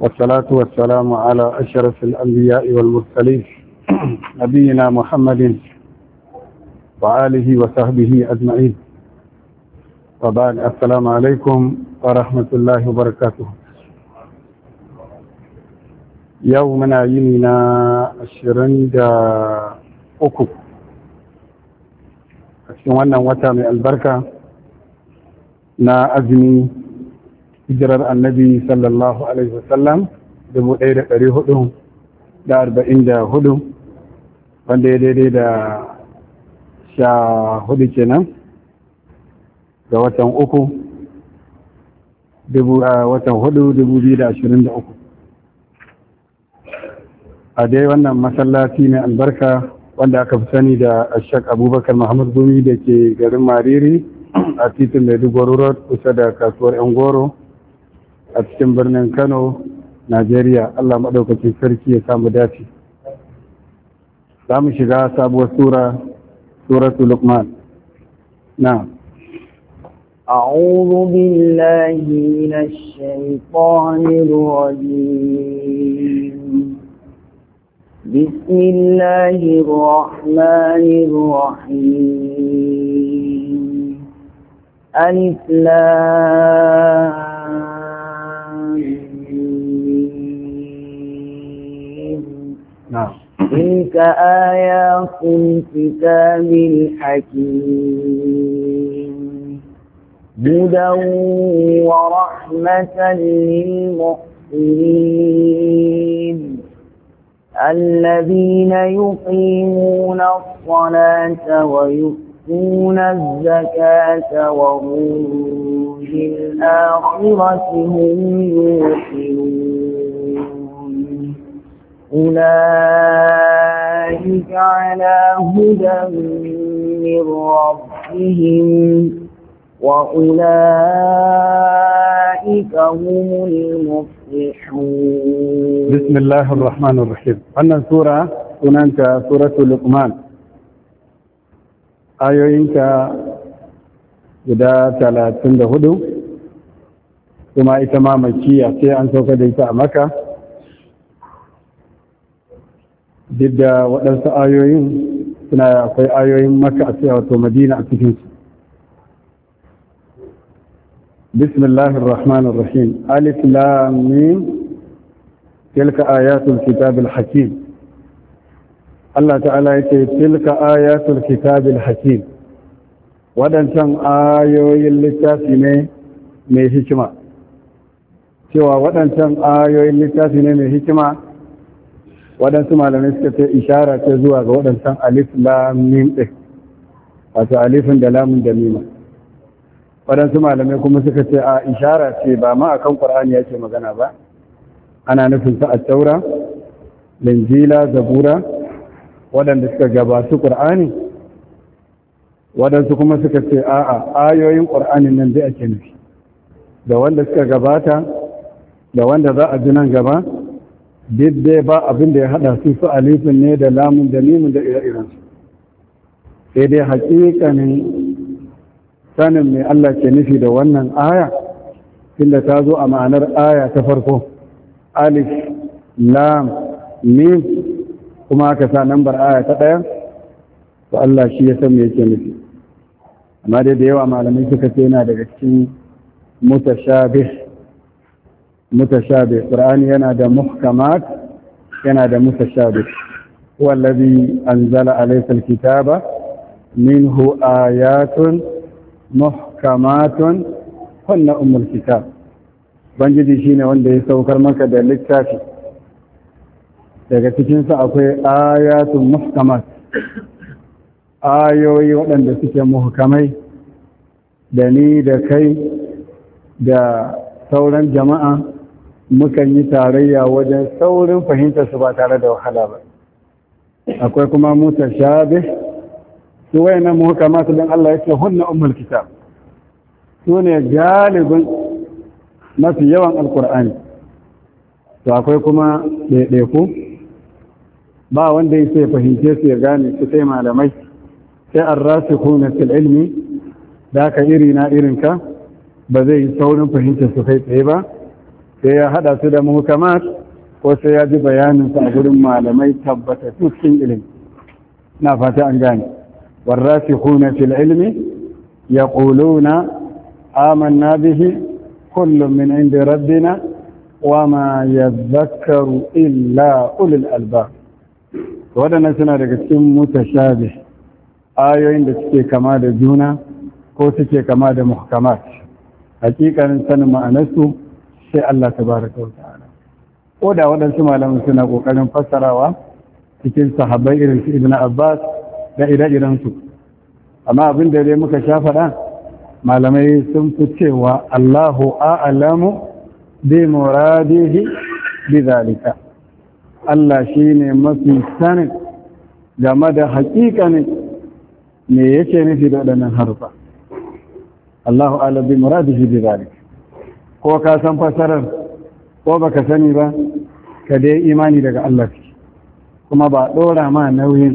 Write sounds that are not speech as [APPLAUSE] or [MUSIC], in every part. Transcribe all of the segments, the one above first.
والصلاة والسلام على أشرف الأنبياء والمرسلين نبينا محمد وآله وصحبه أجمعين وبعد السلام عليكم ورحمة الله وبركاته يومنا يمنا عشرين دا أكو أشهر وانا وتامي البركة na azumi hijirar annabi sallallahu alaihi wasallam dubu ɗaya da ɗari hudu da arba'in da hudu wanda ya daidai da sha hudu kenan ga watan uku dubu a watan hudu dubu biyu da ashirin da uku a dai wannan masallaci mai albarka wanda aka fi sani da ashek abubakar muhammad gumi da ke garin mariri a titin maiduguri road kusa da kasuwar yan goro a cikin birnin Kano, Najeriya. Allah maɗaukacin sarki ya samu dace. Za mu shiga sabuwar sura, suratu lukman Na. أعوذ بالله من الشيطان الرجيم بسم الله الرحمن الرحيم ألف نعم تلك آيات الكتاب الحكيم هدى ورحمة للمحسنين الذين يقيمون الصلاة ويؤتون الزكاة وهم بالآخرة هم يوقنون أولئك على هدى من ربهم وأولئك هم المفلحون بسم الله الرحمن الرحيم أن سورة هناك سورة لقمان ayoyinka إنك إذا da hudu ثم إتمام الشيء makiya sai an sauka duk da waɗansu ayoyin suna akwai ayoyin maka a cewa to madina a cikin su بسم الله الرحمن الرحيم ألف لام ميم تلك آيات الكتاب الحكيم الله تعالى يقول تلك آيات الكتاب waɗancan ayoyin littafi ne mai hikima cewa waɗancan ayoyin littafi ne mai hikima waɗansu malamai suka ce ishara ce zuwa ga waɗansan alif lamim ɗin wato alifin da lamun da nima waɗansu malamai kuma suka ce a ishara ce ba ma akan ƙwar'ani yake magana ba ana nufin sa a taura linjila zabura waɗanda suka gabatu ƙwar'ani waɗansu kuma suka ce a'a ayoyin ƙwar'anin nan zai ake nufi da wanda suka gabata da wanda za a ji nan gaba duk dai ba abin da ya hada su su alifin ne da lamun da nimun da ire-iren sai dai hakikanin sanin mai Allah ke nufi da wannan aya tunda ta zo a ma'anar aya ta farko alif lam mim kuma aka sa nambar aya ta ɗaya to Allah shi ya san me yake nufi amma dai da yawa malamai suka ce yana daga cikin mutashabih mutashabih qur'ani yana da muhkamat yana da mutashabih huwa allazi anzala alayka alkitaba minhu ayatun muhkamatun hunna ummul kitab bangiji shine wanda ya saukar maka da littafi daga cikinsa akwai ayatun muhkamat ayoyi waɗanda suke muhkamai da ni da kai da sauran jama'a mukan yi tarayya wajen saurin fahimtar su ba tare da wahala ba akwai kuma mutar shabe su wayannan masu don Allah ya ce hunna ummul kitab su ne galibin mafi yawan alkur'ani to akwai kuma ɗaiɗaiku ba wanda ya ce fahimce su ya gane su sai malamai sai an rasu kuna fil ilmi da aka iri na irinka ba zai yi saurin fahimtar su kai tsaye ba sai ya hada su da muhkamat ko sai ya ji bayanin sa a gurin malamai tabbata cikin ilimi na fata an gane warasikhuna fil ilmi yaquluna amanna bihi kullun min indi rabbina ma yadhakkaru illa ulul albab wadannan suna daga cikin mutashabi ayoyin da suke kama da juna ko suke kama da muhkamat hakikanin sanin ma'anarsu sai Allah ta tabaraka wa ta'ala ko da waɗansu malamin suna ƙoƙarin fassarawa cikin sahabai irin su ibn abbas da ire-iren su amma abin da dai muka sha faɗa malamai sun fi cewa allahu a'lamu bi muradihi bi zalika allah shi ne mafi sanin game da haƙiƙanin me yake nufi da waɗannan harfa allahu a'lamu bi muradihi bi zalika ko ka san fasarar ko ba ka sani ba ka dai imani daga Allah kuma ba ɗora ma nauyin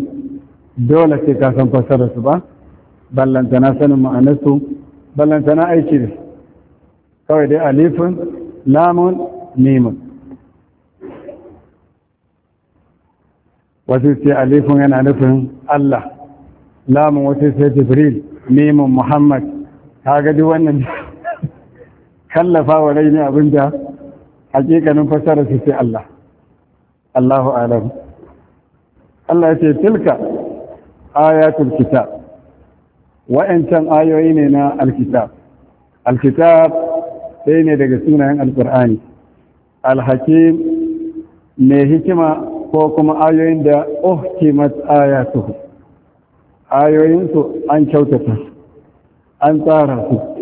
dole sai ka san fasarar su ba ballantana sanin ma'anarsu ballantana aiki da kawai dai alifin lamun nemun wasu ce alifin yana nufin Allah lamun wasu sai jibril nemun muhammad ka gaji wannan kallafa wa rai ne da hakikanin fasara su sai Allah Allahu alam Allah ya ce tilka ayatul kitab wa'ancan ayoyi ne na alkitab alkitab sai ne daga sunayen alkur'ani alhakim mai hikima ko kuma ayoyin da uhkimat ayatuhu ayoyinsu an kyautata an tsara su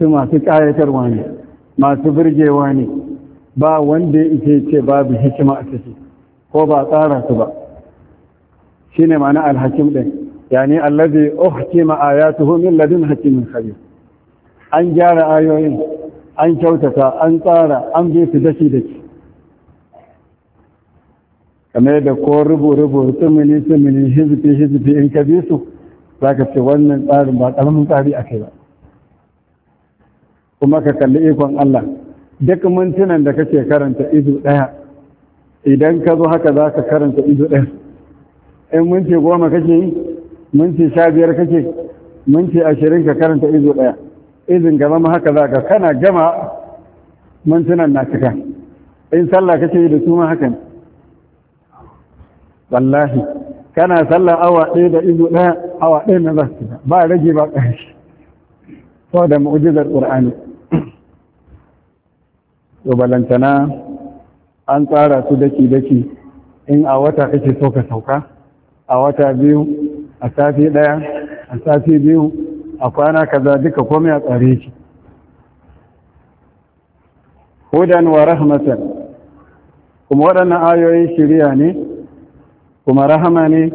su masu ƙayatarwa ne masu birgewa ne ba wanda ya ce babu hikima a ciki ko ba tsara su ba shi ne ma'ana alhakim ɗin yani allazi uhkima ayatuhu min ladin hakimin khabir an gyara ayoyin an kyautata an tsara an bi su dashi dashi kamar da ko rubu-rubu tumini tumini hizbi hizbi in ka bi su za ka ce wannan tsarin ba ƙaramin tsari a kai ba kuma ka kalli ikon Allah duk mintunan da kake karanta izu ɗaya idan ka zo haka za ka karanta izu ɗaya in minti goma kake yi minti sha biyar kake minti ashirin ka karanta izu ɗaya izin ka zama haka za ka kana gama mintunan na cika in sallah kake yi da su ma haka ne wallahi kana sallah awa ɗaya da izu ɗaya awa ɗaya na za su ba rage ba ƙarshe da mu'ujizar ƙur'ani to an tsara su daki-daki in a wata kake so ka sauka a wata biyu a safi ɗaya a safi biyu a kwana kaza duka komai a tsare shi. hudan wa rahmatan kuma waɗannan ayoyin shirya ne kuma rahama ne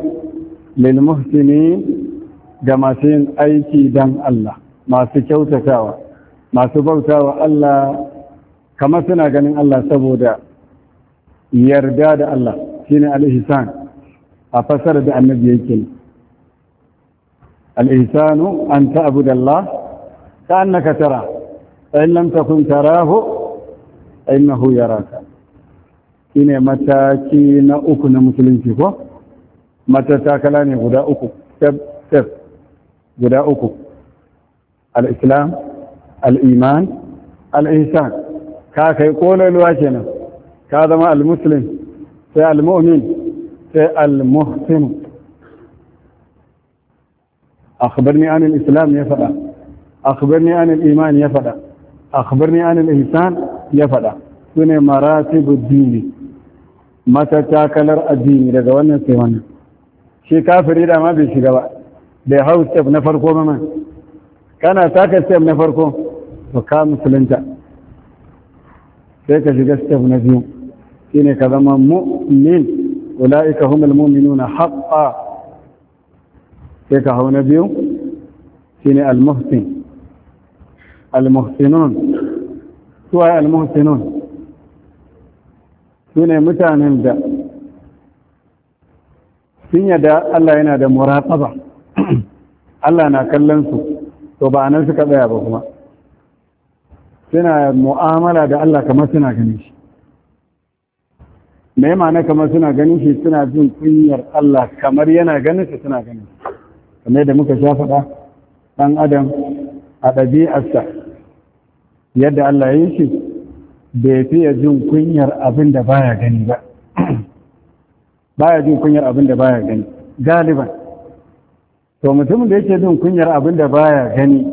lil ga masu yin aiki don Allah masu kyautatawa masu bautawa Allah kamar suna ganin Allah saboda yarda da Allah shi ne ihsan a fasar da annabi yake al-ihsanu an da Allah ka kun tara fa ɗan na takun yara ka Shi ne mataki na uku na musulunci ko takala ne guda uku tef guda uku al'islam, al'iman, al ka kai luwa kenan ka zama almuslim sai almu'min sai almuhsin akhbarni anil islam ya faɗa akhbarni anil iman ya faɗa akhbarni anil ihsan ya faɗa sune maratibu dini matatakalar addini daga wannan sai wannan shi kafiri da ma bai shiga ba bai hau step na farko ba man kana taka step na farko to ka musulunta sai ka shiga step na biyu shine ka zama mu'min ulaika humul mu'minuna haqqan sai ka hau na biyu shine al-muhsin al-muhsinun suwaye al-muhsinun sune mutanen da sun yadda Allah yana da muraqaba [CLEARS THROAT] Allah na kallon su to ba nan suka tsaya ba kuma suna mu'amala da Allah kamar suna ganin shi me ma'ana kamar suna ganin shi suna jin kunyar Allah kamar yana ganin shi suna ganin kamar da muka sha faɗa ɗan adam a ɗabi'arsa yadda Allah ya yi shi bai fiye jin kunyar abin da baya gani ba [CLEARS THROAT] baya jin kunyar abin da baya gani galiban to mutumin da yake jin kunyar abin da baya gani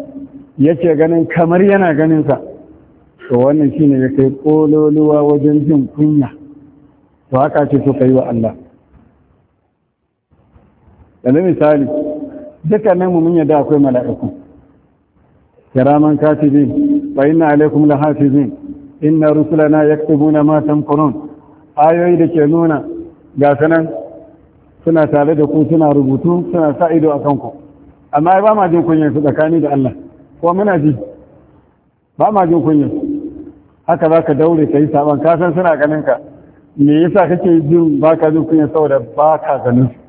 yake ganin kamar yana ganinsa to wannan shine ya kai kololuwa wajen jin kunya to haka ce so kai wa Allah yanzu misali dukkanin mu mun yadda akwai mala'iku kiraman katibin wa inna alaikum hafizin inna rusulana yaktubuna ma tamkurun ayoyi da ke nuna ga sanan suna tare da ku suna rubutu suna sa ido a kanku amma ba ma jin kunya su tsakani da Allah ko muna ji ba ma jin su haka za ka daure ka yi saban kasan suna ganin ka me yasa kake jin baka jin kunya saboda baka ganin su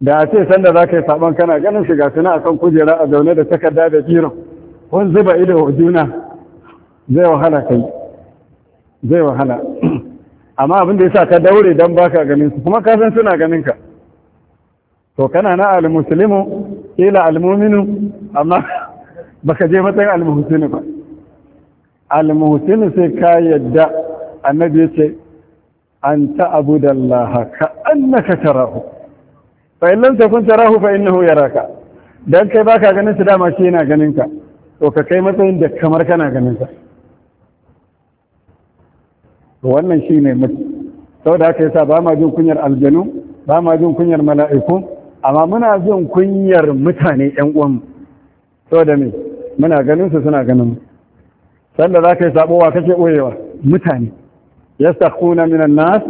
da a ce sanda za ka yi saban kana ganin shiga suna akan kujera a zaune da takarda da jiran wani zuba ido wa juna zai wahala kai zai wahala [CLEARS THROAT] amma abin da yasa ka daure dan baka ganin su kuma kasan suna ganin ka to kana na al ila al-mu'minu amma [LAUGHS] baka je matsayin al ba almuhsin sai ka yadda annabi ce an ta'budallaha ka annaka tarahu fa in lam takun tarahu fa innahu yaraka dan kai baka ganin shi dama shi yana ganin ka to ka kai matsayin da kamar kana ganin sa to wannan shine mutum saboda haka yasa ba ma jin kunyar aljanu ba ma jin kunyar mala'iku amma muna jin kunyar mutane ƴan uwanmu saboda me muna ganin su suna ganin mu sanda za ka yi sabo wa kake ɓoyewa mutane ya na minan nas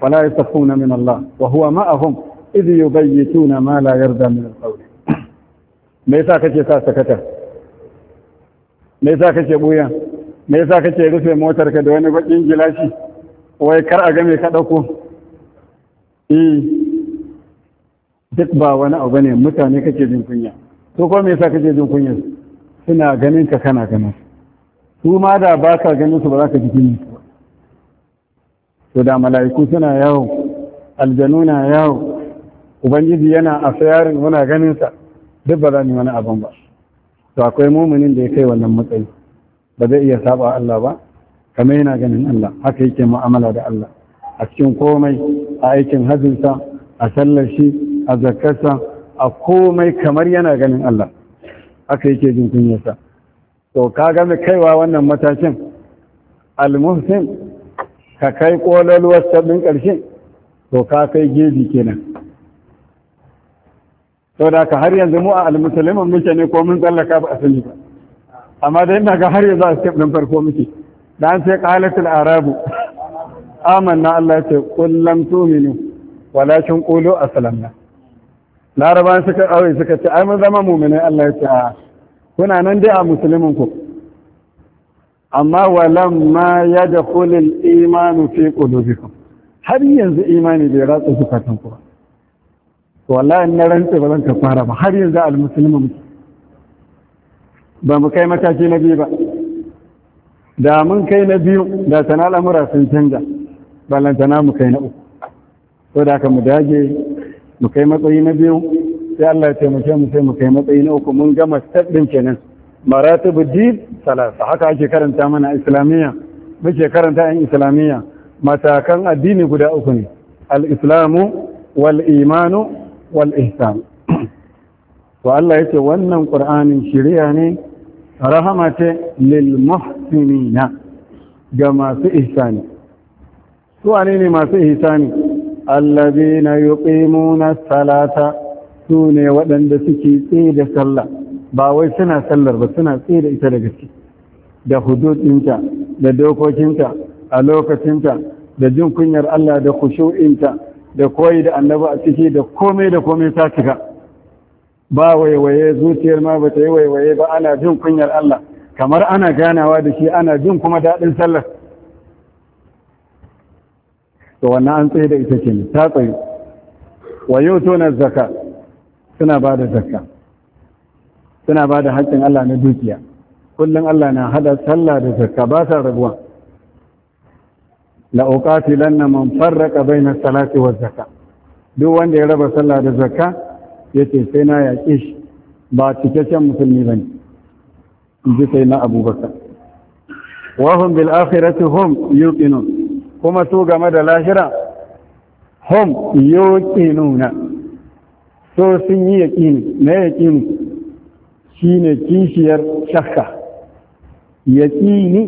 wala ya na min Allah wa huwa ma'ahum idh yubayyituna ma la yarda min al-qawl me yasa kake sa sakata me yasa kake buya me yasa kake rufe motar ka da wani bakin gilashi wai kar a game ka dauko eh duk ba wani abu ne mutane kake jin kunya to ko me yasa kake jin kunya suna ganin ka kana ganin su ma da ba ka ganin su ba za ka ji jini to da mala'iku suna yawo aljanu na yawo ubangiji yana a sayarin muna ganin sa duk ba za mu wani abin ba to akwai muminin da ya kai wannan matsayi ba zai iya saba Allah ba kamar yana ganin Allah haka yake mu'amala da Allah a cikin komai a aikin hajjinsa a sallar a zakarsa a komai kamar yana ganin Allah haka yake jin kunyarsa to ka gami mai kaiwa wannan matakin almuhsin ka kai kololuwar sabbin ƙarshe to ka kai gezi kenan to da ka har yanzu mu a almusulmin muke ne ko mun tsallaka ba a sani ba amma dai ina ga har yanzu a step din farko muke dan sai qalatul arabu amanna Allah ya ce qul lam tu'minu walakin qulu aslamna larabawa suka aure suka ce ai mun zama mu'minai Allah ya ce kuna nan dai a musulmin ku amma walam ma ya da kulil imanu fi qulubikum har yanzu imani bai ratsa zukatan ku ba wallahi na rantsa ba zan ka fara ba har yanzu al musulmin ba mu kai mataki na biyu ba da mun kai na biyu da sana al'amura sun canja ballantana mu kai na uku ko da aka mu dage mu kai matsayi na biyu sai Allah ya taimake mu sai mu kai matsayi na uku mun gama step din kenan maratibu din salasa haka ake karanta mana islamiyya muke karanta yan islamiyya matakan addini guda uku ne al-islamu wal imanu wal ihsan [CLEARS THROAT] to Allah yace wannan qur'anin shiriya ne rahama ce lil muhsinina ga masu ihsani su ne masu ihsani allazina yuqimuna salata su ne waɗanda suke tsaye da sallah ba wai suna sallar ba suna tsaye da ita da gaske da hududinta da dokokinta a lokacinta da jin kunyar Allah da kushu'inta da koyi da annabi a ciki da komai da komai ta cika ba waiwaye zuciyar ma ba ta yi waiwaye ba ana jin kunyar Allah kamar ana ganawa da shi ana jin kuma daɗin sallar to wannan an tsaye da ita ce ta tsaye wa yau tonar zaka suna ba da zakka suna ba da haƙƙin Allah na dukiya kullum Allah na hada sallah da zakka ba sa rabuwa la lanna man farraqa bayna salati wa zakka duk wanda ya raba sallah da zakka yace sai na yaƙi shi ba cikakken musulmi bane inji sai na abubakar wa hum bil akhirati hum yuqinun kuma su game da lahira hum yuqinuna so sun yi yaƙini na yaƙin shi ne kishiyar shakka yaƙini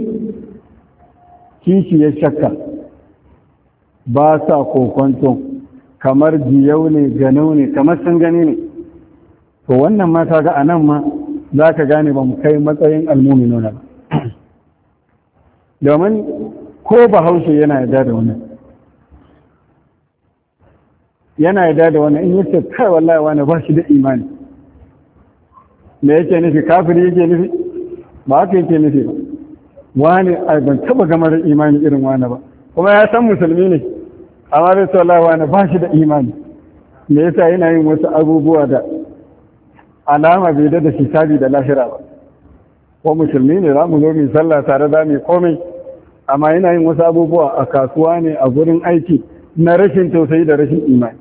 kishiyar shakka ba sa kokwanton kamar jiyau ne ganau ne kamar sun gani ne to wannan ma ga a nan ma za ka gane ba mu kai matsayin na ba [COUGHS] domin ko bahaushe yana yarda da wannan yana yada da wani in yake kai wallahi wani ba shi da imani me yake nufi kafiri yake nufi ba haka yake nufi ba wani a ban taba gamar imani irin wani ba kuma ya san musulmi ne amma bai wallahi wani ba shi da imani me yasa yana yin wasu abubuwa da alama bai da da hisabi da lahira ba ko musulmi ne za mu zo mu sallah tare da mu komai amma yana yin wasu abubuwa a kasuwa ne a gurin aiki na rashin tausayi da rashin imani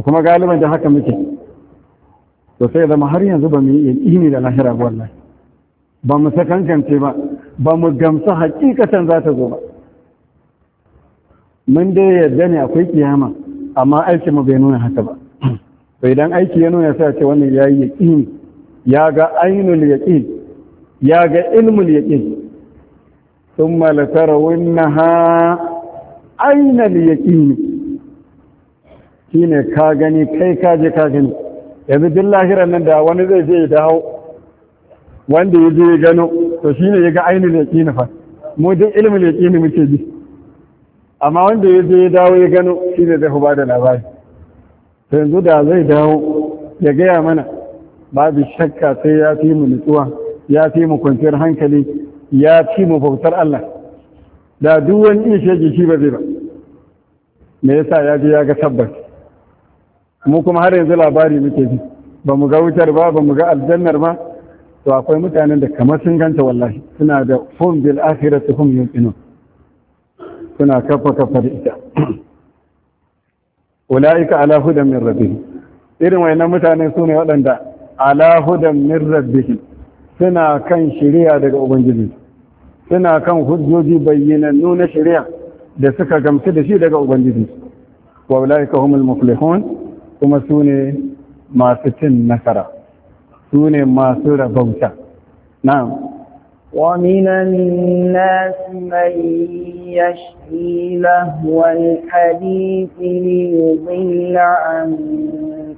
kuma galiban da haka muke to sai zama har yanzu ba mu yi ilimi da lahira ba wallahi ba mu sakankance ba ba mu gamsu hakikatan za ta zo ba mun dai yarda ne akwai kiyama amma aiki mu bai nuna haka ba to idan aiki ya nuna sai ce wannan yayi yaqin ya ga ainul yaqin ya ga ilmul yaqin thumma latarawunnaha ainul yaqin Shi ne ka gani kai ka je ka gani yanzu duk lahirar nan da wani zai je dawo wanda ya je gano to shi ne ya ga ainihin yaqini fa mu duk ilimin yaqini muke bi amma wanda ya je ya dawo ya gano shi ne zai ba da labari to yanzu da zai dawo ya gaya mana babu shakka sai ya fi mu nutsuwa ya fi mu kwanciyar hankali ya fi mu bautar Allah da duk wani ishe shi ba zai ba me yasa ya je ya ga tabbas mu kuma har yanzu labari muke ji ba mu ga wutar ba ba mu ga aljannar ba to akwai mutanen da kamar sun ganta wallahi suna da hum bil akhirati hum yuqinun suna kafa kafa da ita [CLEARS THROAT] ulaika ala hudan min rabbihim irin wayannan mutane su ne waɗanda ala hudan min rabbihim suna kan shari'a daga ubangiji suna kan hujjoji bayyanannu na shari'a da suka gamsu da shi daga ubangiji wa ulaika humul muflihun kuma su ne masu cin nasara su ne masu rabauta na'am ومن الناس من يشفي لهو الحديث ليضل عن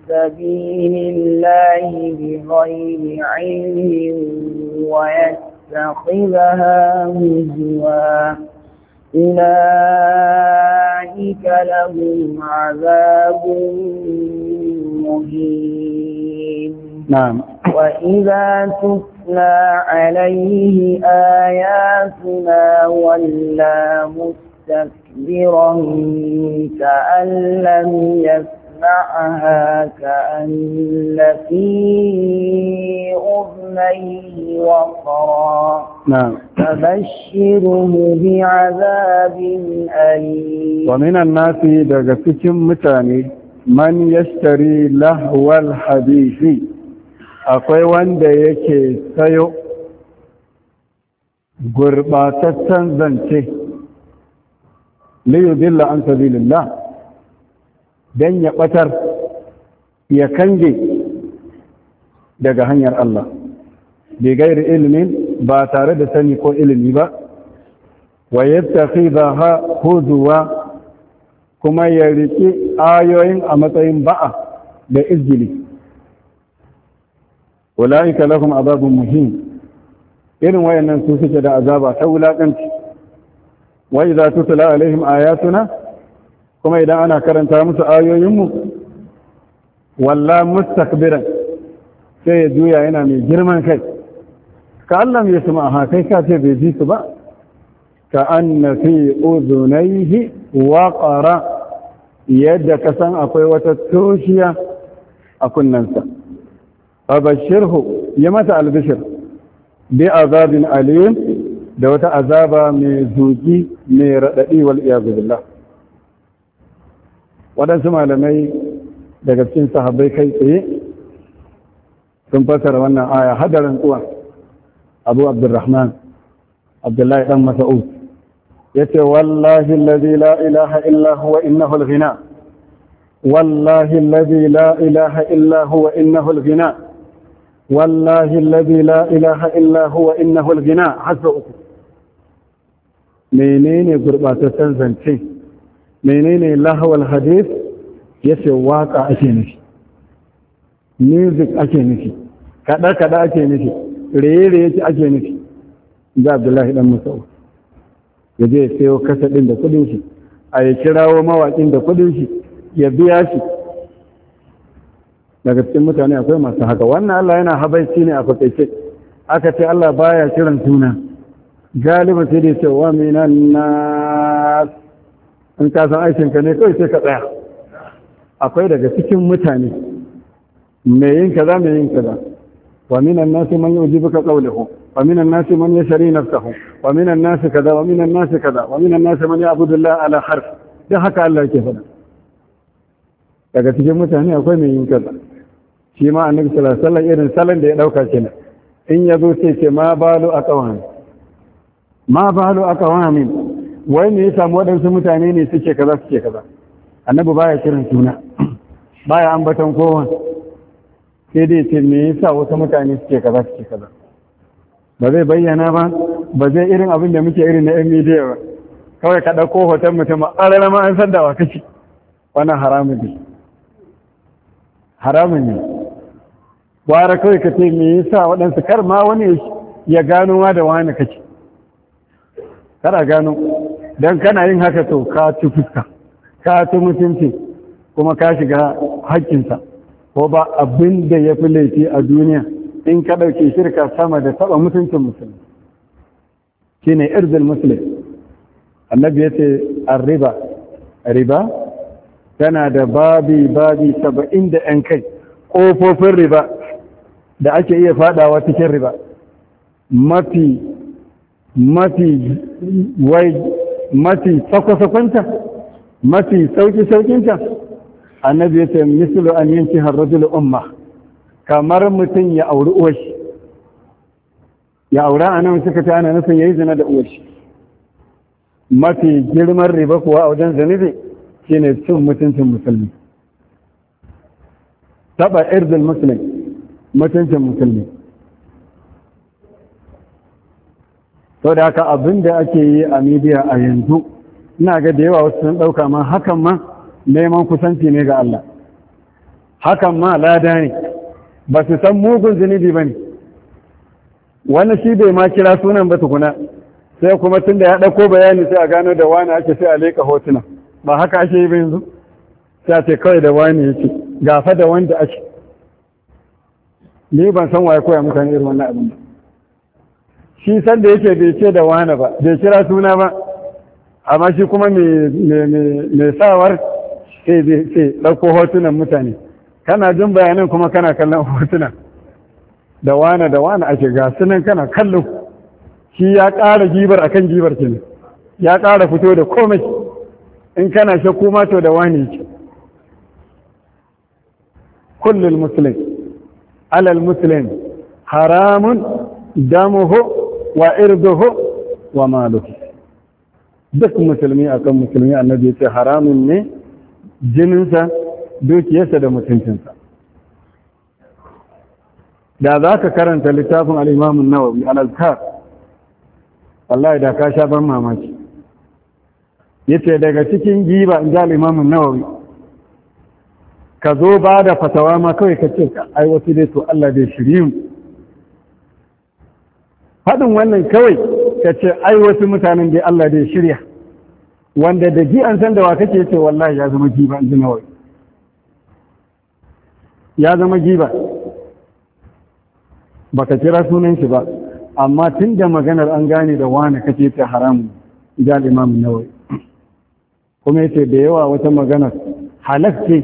سبيل الله بغير علم ويتخذها هزوا أولئك لهم عذاب مهين نعم وإذا تتلى عليه آياتنا ولا مستكبرا كأن لم يسمع معها كأن في أذنيه وقرا نعم فبشره بعذاب أليم ومن الناس دقتكم متاني من يشتري لهو الحديث akwai wanda yake sayo gurbataccen zance liyudilla an sabilillah don ya ɓatar ya kange daga hanyar Allah bai gairi ilimin ba tare da sani ko ilimi ba wa ba ha huzuwa kuma ya riƙe ayoyin a matsayin ba'a da izgili ula'ika lahum azabun muhim irin wayannan su suke da azaba ta wulaƙanci wa idza a alaihim ayatuna kuma idan ana karanta musu ayoyinmu walla mustakbiran sai ya juya yana mai girman kai ka Allah ya suma ha kai ka ce bai ji su ba ka anna fi uzunaihi waqara yadda ka san akwai wata toshiya a kunnansa abashirhu ya mata albishir bi azabin alim da wata azaba mai zuki mai raɗaɗi wal iyazu waɗansu malamai daga cikin sahabbai kai tsaye sun fasara wannan aya hadarin tsuwa abu abdurrahman abdullahi dan masa'ud ya ce wallahi alladhi la ilaha illa huwa innahu al-ghina wallahi alladhi la ilaha illa huwa innahu al-ghina wallahi alladhi la ilaha illa huwa innahu al-ghina hasa uku menene gurbataccen zance menene lahawal hadith yace waka ake nufi music ake nufi kada kada ake nufi reye reye ake nufi ga Abdullahi dan musau ya je sayo kasa din da kudin shi a ya kirawo mawakin da kudin shi ya biya shi daga cikin mutane akwai masu haka wannan Allah yana habaici ne a fakaice aka ce Allah baya kiran suna galiba sai dai sai wa minan na. in ka san aikinka ne kawai sai ka tsaya akwai daga cikin mutane mai yin kaza mai yin kaza wa minan nasi man yujibuka qawluhu wa minan nasi man yashri nafsuhu wa minan nasi kaza wa minan nasi kaza wa minan nasi man ya'budu Allah ala harf da haka Allah yake faɗa daga cikin mutane akwai mai yin kaza shi ma annabi sallallahu alaihi wasallam irin salan da ya dauka kenan in yazo sai ce ma balu aqwam ma balu aqwamin wai me ya samu waɗansu mutane ne suke kaza suke kaza annabi baya kiran suna [CLEARS THROAT] baya ambaton kowa sai dai ce me yasa wasu mutane suke kaza suke kaza ba zai bayyana ba ba zai irin abin da muke irin na yan media ba kawai ka ɗauko hoton mutum a rana ma an san da wa kake wannan haramun ne haramun ne gwara kawai ka ce me yasa waɗansu kar ma wani ya gano ma da wani kake kada gano don kana yin haka to ka ci fuska ka ci mutunci kuma ka shiga haƙƙinsa ko ba abin da ya fi laifi a duniya in ka ɗauki shirka sama da taɓa mutuncin musulmi shi ne irzil musulmi annabi ya ce riba riba tana da babi babi saba'in da ‘yan kai ƙofofin riba da ake iya faɗawa cikin riba mafi mafi wai mafi sakwasakwanta mafi sauki-saukinta annabi ya ce mislu an yanki harrajul umma kamar mutum ya auri uwashi ya aura a nan suka ta ana nufin ya yi zina da uwashi mafi girman riba kuwa a wajen zanibi shine cin mutuncin musulmi taba irzul musulmi mutuncin musulmi sau da haka abin da ake yi a midiya a yanzu ina ga da yawa wasu sun ɗauka ma hakan ma neman kusanci ne ga Allah hakan ma lada ne ba su san mugun zunubi ba ne wani shi bai ma kira sunan ba tukuna sai kuma tun da ya ɗauko bayani sai a gano da wani ake sai a leƙa hotuna ba haka ake yi ba yanzu sai a ce kawai da wani yake gafa da wanda ake ni ban san waye koya mutane irin wannan abin ba shi san da yake bai ce da wani ba bai kira suna ba amma shi kuma mai sawar sai ɗauko hotunan mutane kana jin bayanan kuma kana kallon hotunan da wani da wani ake ga sunan kana kallo shi ya ƙara gibar akan gibar kenan ya ƙara fito da komai in kana shakku ma to da wani yake kullul muslim alal muslim haramun damuhu wa irduhu wa maluhu duk musulmi akan musulmi annabi yace haramun ne jininsa dukiyarsa da mutuncinsa da za ka karanta littafin an nawawi al'alkar wallahi da ka sha ban mamaki yace daga cikin giba in imam an nawawi ka zo ba da fatawa ma kawai ka ce ai wasu dai to Allah bai shiri mu Haɗin wannan kawai ka ce ai wasu mutanen da Allah da shirya wanda da ji an san da wa kake ce wallahi ya zama giba in ji ya zama giba baka kira sunan shi ba amma tun da maganar an gane da wani kake ta haramun idan imam nawawi kuma yace da yawa wata magana halak ce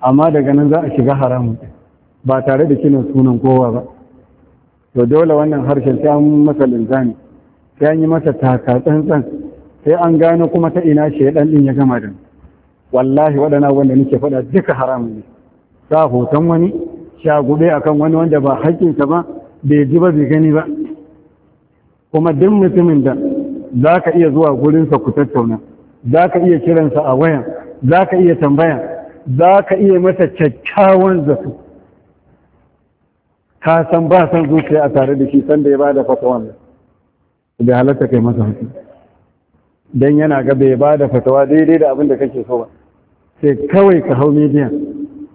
amma daga nan za a shiga haramun ba tare da kina sunan kowa ba to dole wannan harshen sai an masa linzami sai an yi masa taka tsantsan sai an gano kuma ta ina shi ɗan din ya gama da wallahi waɗannan wanda nake faɗa duka haramun ne sa hoton wani sha gube akan wani wanda ba haƙƙinsa ba bai ji ba bai gani ba kuma duk mutumin da za ka iya zuwa ku tattauna za iya kiransa a wayan za iya tambaya za iya masa kyakkyawan zato ka san ba san zuciya a tare da shi san da ya da fatawa da halatta kai masa hukunci dan yana ga bai ba da fatawa daidai da abin da kake so ba sai kawai ka hau midiyan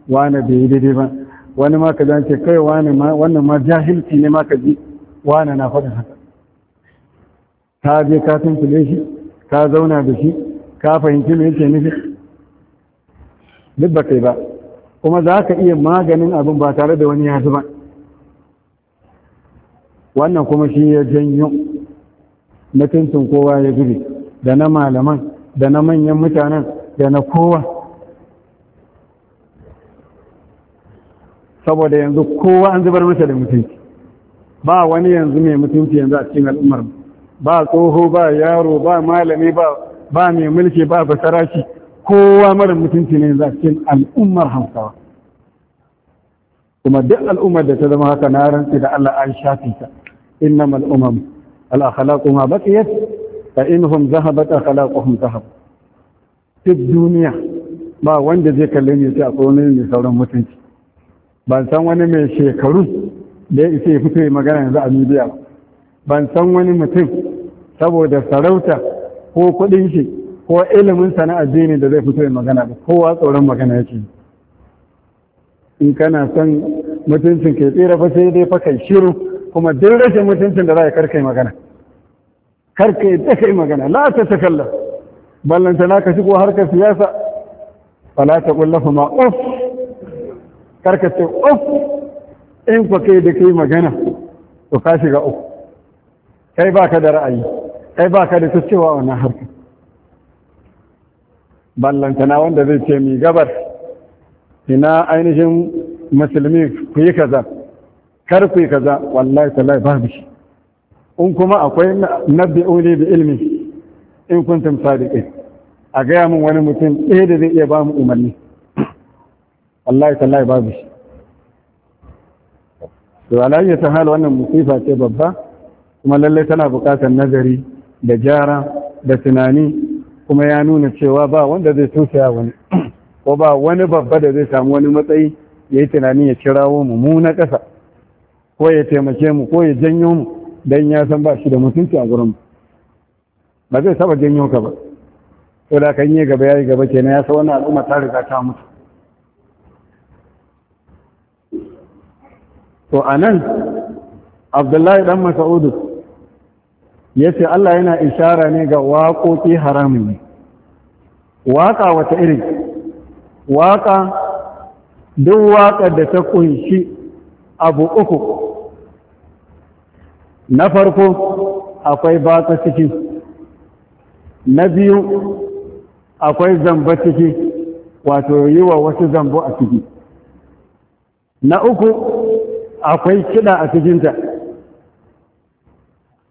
wani bai yi daidai ba wani ma ka zance kai wani ma wannan ma jahilci ne ma ka ji wani na faɗin haka ka je ka tuntule shi ka zauna da shi ka fahimci me yake nufi duk ba kai ba kuma za ka iya maganin abin ba tare da wani ya ba wannan kuma shi ya janyo mutuncin kowa ya zube da na malaman da na manyan mutanen da na kowa saboda yanzu kowa an zubar masa da mutunci ba wani yanzu mai mutunci yanzu a cikin al'ummar ba tsoho ba yaro ba malami ba ba mai mulki ba basarashi kowa mara mutunci ne yanzu a cikin al'ummar hausawa kuma duk al'ummar da ta zama haka na ranci da Allah an shafe ta إنما الأمم الأخلاق ما بقيت فإنهم ذهبت أخلاقهم ذهب في الدنيا ba wanda zai kalle ni sai a tsohon mai sauran mutunci ban san wani mai shekaru da ya isa ya fito ya magana yanzu a midiya ba ban san wani mutum saboda sarauta ko kuɗin shi ko ilimin sana'ar addini da zai fito ya magana ba kowa tsoron magana yake in kana son mutuncin ke tsira fa sai dai fa shiru kuma duk rashin mutuncin da za a karkai magana karkai ta kai magana la ta ta kalla ballanta na ka shigo harkar siyasa Ba la ta kulla kuma uf karka ce uf in ku kai da kai magana to ka shiga uf kai ba ka da ra'ayi kai ba ka da ta cewa wannan harkar ballanta na wanda zai ce mi gabar ina ainihin musulmi ku yi kaza kar ku yi kaza wallahi tallahi babu shi in kuma akwai nabbi uli bi ilmi in kuntum sadiqin a gaya min wani mutum ɗaya da zai iya ba mu umarni wallahi tallahi babu shi to alayya ta hal wannan musifa ce babba kuma lallai tana buƙatar nazari da jara da tunani kuma ya nuna cewa ba wanda zai tusaya wani ko ba wani babba da zai samu wani matsayi ya yi tunani ya kirawo mu mu na ƙasa ko ya taimake mu ko ya janyo mu dan ya san ba shi da mutunci a gurin ba zai saba janyo ka ba to da kan yi gaba yayi gaba kenan ya san wannan al'umma ta riga ta mutu to anan Abdullahi dan Mas'ud yace Allah yana ishara ne ga waƙoƙi haramun ne waƙa wata iri waƙa duk waƙar da ta kunshi abu uku na farko akwai batsa ciki na biyu akwai zamba ciki wato yi wa wasu zambo a ciki na uku akwai kiɗa a cikinta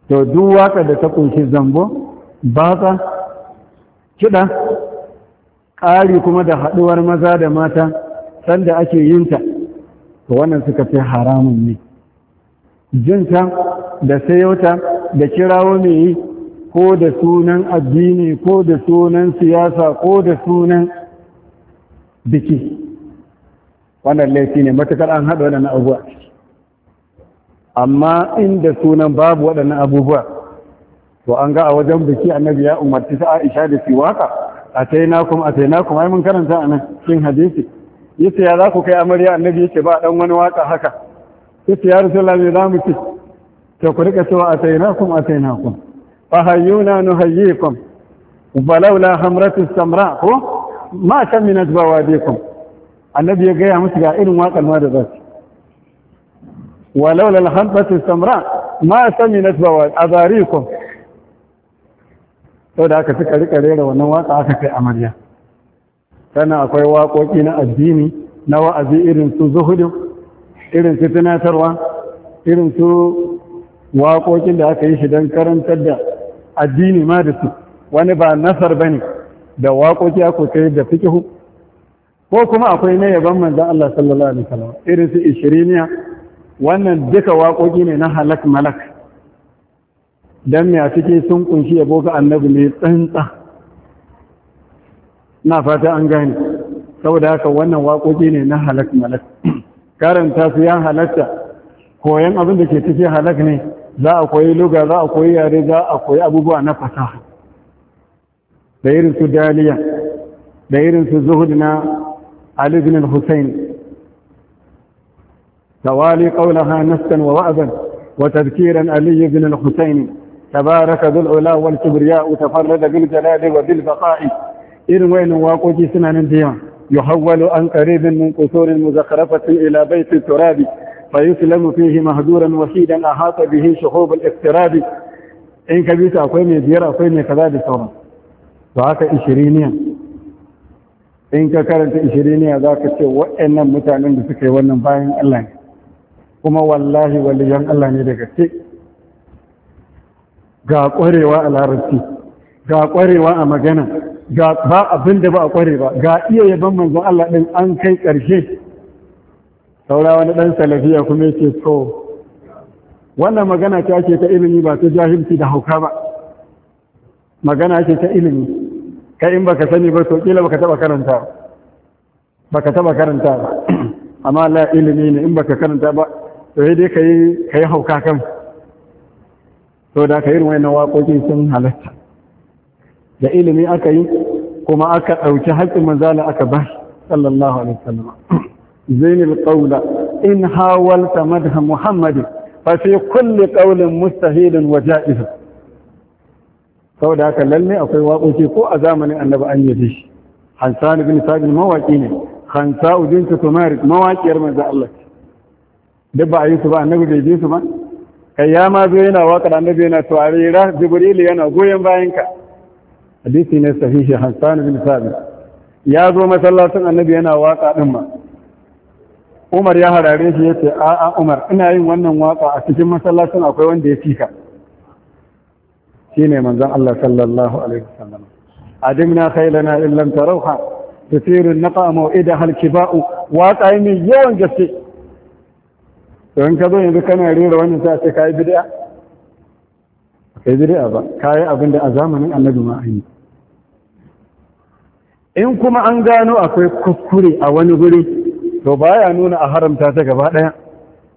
to duk waka da ta ƙunshi zambo batsa kiɗa ƙari kuma da haɗuwar maza da mata sanda ake yinta to wannan suka fi haramun ne jinta da sayauta da kirawo mai yi ko da sunan addini ko da sunan siyasa ko da sunan biki wannan laifi ne matukar an haɗa waɗannan abubuwa amma inda sunan babu waɗannan abubuwa to an ga a wajen biki annabi ya umarci ta aisha da su waka a tainakum a tainakum ai mun karanta a nan cikin hadisi yace ya za ku kai amarya annabi yace ba dan wani waka haka yace ya rasulullahi me za mu ci to ku rika cewa a a kun atainakum kun fa hayyuna nuhayyikum balawla hamratu samra ko ma kan min azwadikum annabi ya gaya musu ga irin waƙar ma da za su walaula hamratu samra ma kan saminat bawa azarikum to da aka suka rika rera wannan waka aka kai amarya sannan akwai waƙoƙi na addini na wa'azi irin su zuhudu irin su tunatarwa irin su waƙoƙin da aka yi shi don karantar da addini ma da su wani ba nasar ba ne da waƙoƙi aka kai da fikihu ko kuma akwai na yaban manzan Allah sallallahu alaihi wasallam irin su ishiriniya wannan duka waƙoƙi ne na halak malak Don me a cikin sun kunshi yabo ga annabi ne tsantsa na fata an gane saboda haka wannan waƙoƙi ne na halak malak karanta su ya halatta koyan abin da ke cikin halak ne za a koyi luga za a koyi yare za a koyi abubuwa na fasaha da irin su daliya da irin su zuhud na ali hussein tawali qawlaha nastan wa wa'azan wa tadhkiran ali bin hussein tabaraka zul ula wal kibriya tafarrada bil jalali wa bil baqa'i irin wainin waƙoƙi suna nan da yawa yuhawwalu an qaribin min qusurin muzakkarafatin ila baiti turabi فيسلم فيه مهدورا وحيدا أحاط به شخوب الاقتراب إن كبيرت أقويني ديرا أقويني كذا بصورة فهذا إشرينيا إن كانت إشرينيا ذاك تشي وإن متعلم بسكي وإن باين الله كما والله وليان الله ندك تشي ga ƙwarewa a larabci ga ƙwarewa a magana ga ba abin da ba a ƙware ba ga iya yaban manzon Allah ɗin an kai ƙarshe saura wani ɗan salafiya kuma yake so wannan magana ta ce ta ilimi ba ta jahilci da hauka ba magana ce ta ilimi kai in baka sani ba to kila baka taba karanta baka taba karanta ba [CLEARS THROAT] amma la ilimi ne in baka karanta ba to sai dai kai kai hauka kan to da kai irin wannan waƙoƙi sun halatta da ilimi aka yi kuma aka ɗauki haƙƙin manzala aka ba sallallahu alaihi wasallam [CLEARS THROAT] زين القول إن حاولت مدح محمد ففي كل قول مستهيل وجائز saboda haka lalle akwai waƙoƙi ko a zamanin annabi an yi shi hansan ibn sabit mawaki ne hansa udin ta tumari mawakiyar manzo Allah duk ba a yi su ba annabi bai ji su ba kai ya ma zo yana d'a annabi yana ra jibril yana goyon bayanka. hadisi ne sahihi hansan ibn sabit ya zo masallacin annabi yana waƙa din ma Umar ya harare shi ya ce a'a Umar ina yin wannan waka a cikin masallacin akwai wanda ya fika shine manzon Allah sallallahu alaihi wasallam adimna khailana illam tarawha tasiru naqa maw'ida hal kiba'u waka mai yawan gaske don ka zo yanzu kana rera wannan sai ce kai bid'a kai bid'a ba kai abin da a zamanin Annabi ma an yi in kuma an gano akwai kuskure a wani guri to baya nuna a haramta ta gaba ɗaya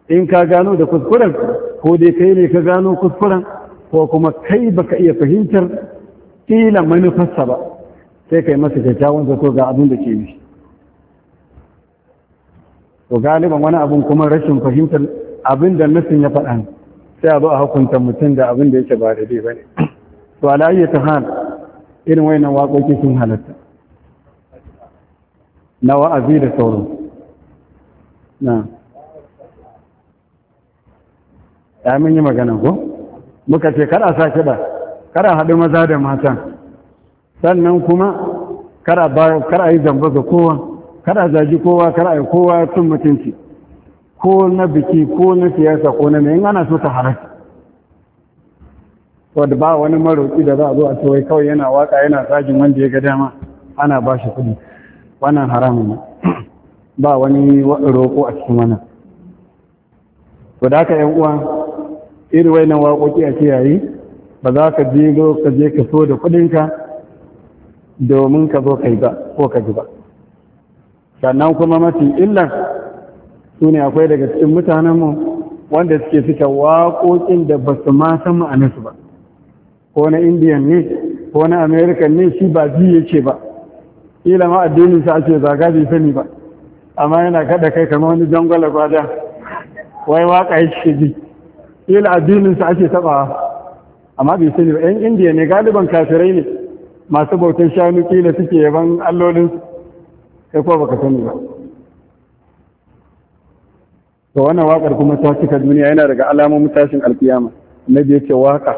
in ka gano da kuskuren ko dai kai ne ka gano kuskuren ko kuma kai baka iya fahimtar kila manufarsa ba sai kai masa kyakkyawan zato ga abin da ke yi to galiban wani abin kuma rashin fahimtar abin da nasin ya faɗa sai a zo a hukunta mutum da abin da yake ba da ba ne [CLEARS THROAT] to alayya ta hal irin wayannan waƙoƙi sun halatta na wa'azi da sauransu ya mun yi magana ko muka ce kada sa kiɗa kada haɗu maza da mata sannan kuma kada bayan kada yi zamba ga kowa kada zaji kowa kada yi kowa sun mutunci ko na biki ko na siyasa ko na mai ana so ta halarci wadda ba wani maroƙi da za a zo a ce kawai yana waka yana sajin wanda ya ga dama ana ba shi kuɗi wannan haramun ne ba wani roƙo a cikin wannan to da haka yan uwa iri wayannan waƙoƙi a yayi ba za ka je ka je ka so da kuɗinka domin ka zo kai ba ko ka ji ba sannan kuma mafi illar su ne akwai daga cikin mutanenmu wanda suke fita waƙoƙin da ba su ma san ma'anarsu ba ko na indiyan ne ko na american ne shi ba ji yake ba ila ma addinin sa ake zaga sani ba amma yana kada kai kamar wani dangwala gwada wai waka ya ji ila addinin addininsa ake taba amma bai sani ba yan indiya ne galiban kafirai ne masu bautan shanu kila suke yaban allolin su. kai ko baka sani ba to wannan wakar kuma ta cika duniya yana daga alamomin tashin alkiyama na ce waƙa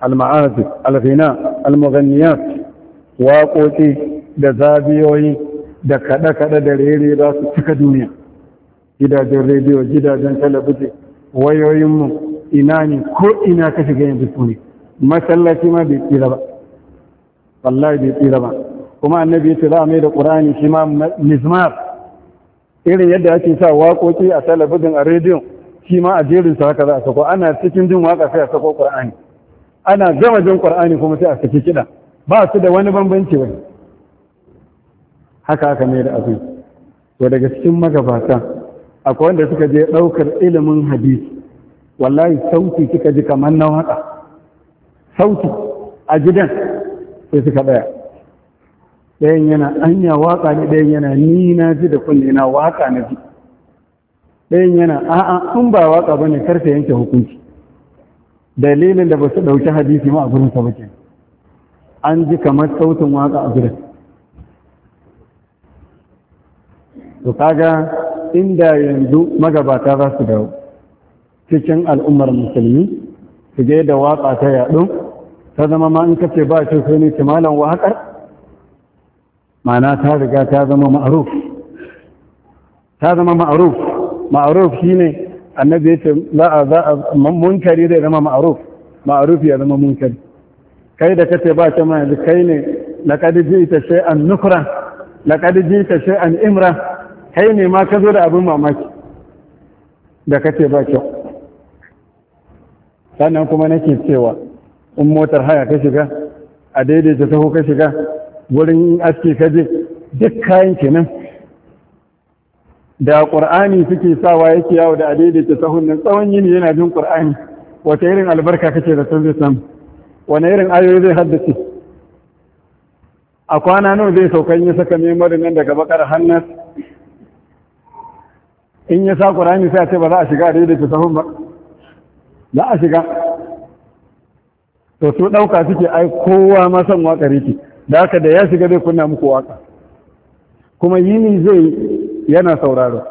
al-ma'azif al-ghina al waƙoƙi da zabiyoyi da kaɗa kaɗa da rere za su cika duniya gidajen rediyo gidajen talabijin wayoyinmu ina ne ko ina ka shiga yanzu su ne masallaci ma bai tsira ba wallahi bai tsira ba kuma annabi ce za a mai da ƙurani shi ma mismar irin yadda ake sa waƙoƙi a talabijin a rediyo shi ma a jerin sa haka za a sako ana cikin jin waƙa sai a sako ƙur'ani. ana gama jin ƙur'ani kuma sai a saki kiɗa ba su da wani bambanci wani haka haka mai da abin to daga cikin magabata akwai wanda suka je ɗaukar ilimin hadisi wallahi sauti suka ji kamar na waka, sauti a gidan sai suka ɗaya ɗayan yana anya waka ne ɗayan yana ni na ji da kunne na waka na ji ɗayan yana a'a in ba waka ba ne karfe yanke hukunci dalilin da ba su ɗauki hadisi ma a gurin sa ba an ji kamar sautin waka a gurin to kaga inda yanzu magabata za su dawo cikin al'ummar musulmi su je da waƙa ta yaɗo ta zama ma in kace ba shi sai ne kimalan waƙar ma'ana ta riga ta zama ma'aruf ta zama ma'aruf ma'aruf shine annabi yace za a za a munkari zai zama ma'aruf ma'aruf ya zama munkari kai da kace ba ta ma yanzu kai ne laqad ji'ta shay'an nukra laqad ji'ta shay'an imra kai ne ma ka zo da abin mamaki da kace ba kyau sannan kuma nake cewa in motar haya ka shiga a daidaita taho ka shiga wurin aski ka je duk kayan kenan da ƙur'ani suke sawa yake yawo da daidaita taho nan tsawon yini yana jin ƙur'ani wata irin albarka kake da sun zai samu wani irin ayoyi zai haddace a kwana nawa zai saukan yi saka memorin nan daga bakar hannas in ya sa ƙurani sai a ce ba za a shiga daidaita sahun ba za a shiga to su ɗauka suke ai kowa ma son waka riki da haka da ya shiga zai kunna muku waka kuma yini zai yana sauraro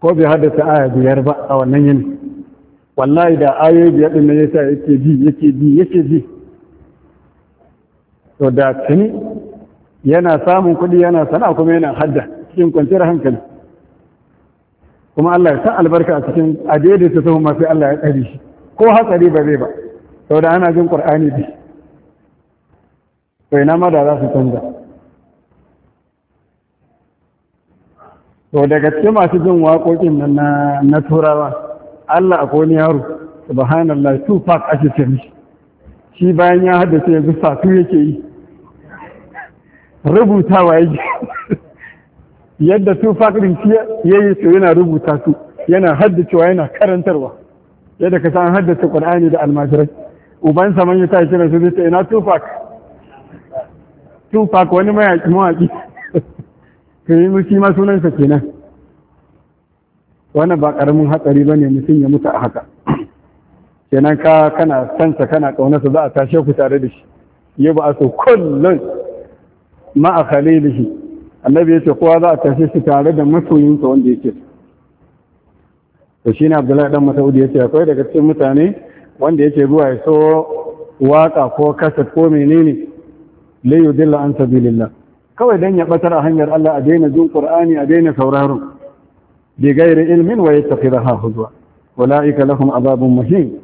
ko bai haddasa aya biyar ba a wannan yini wallahi da ayoyi biyar ɗin nan yasa yake ji yake ji yake ji to da tuni yana samun kuɗi yana sana'a kuma yana hadda cikin kwanciyar hankali kuma Allah ya sa albarka a cikin a daidaita sahun ma sai Allah ya tsare shi ko hatsari ba zai ba saboda ana jin Qur'ani bi to ina ma da za su canza to daga cikin masu jin waƙoƙin nan na turawa Allah a koni yaro subhanallah su pack ake ce mishi shi bayan ya haddace yanzu fatu yake yi rubutawa yake yadda su fakirin ya yi su yana rubuta su yana haddacewa yana karantarwa yadda ka san haddace qur'ani da almajirai uban saman ya tashi na su zai ina tufak tufak wani mawaƙi [LAUGHS] to yi ma sunansa kenan wannan ba karamin hatsari ba ne mutum ya mutu a haka [CLEARS THROAT] kenan ka kana sansa kana ƙaunarsa za a tashe ku tare da shi yi ba a so kullum ma a khalilihi annabi ya ce kowa za a tashi shi tare da masoyinsa wanda ce. to shi ne abdullahi dan masaudi ya ce akwai daga cikin mutane wanda yake zuwa ya so waka ko kasat ko menene la yudilla an sabilillah kawai dan ya batar a hanyar Allah a daina jin Qur'ani a daina sauraro bi ghairi ilmin wa yattakhidha huzwa ulaika lahum azabun muhin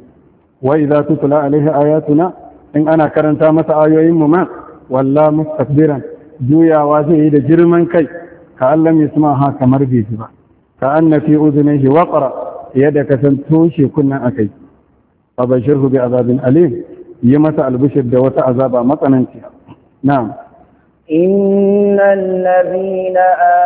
wa idza tutla alaihi ayatuna in ana karanta masa ayoyin mu ma walla mustakbiran juyawa zai yi da girman kai ka Allah mai suma ha kamar bai ji ba ka na fi udhunihi waqra yadda ka san toshe kunnan akai abashirhu bi azabin alim yi masa albishir da wata azaba matsananciya na'am إن الذين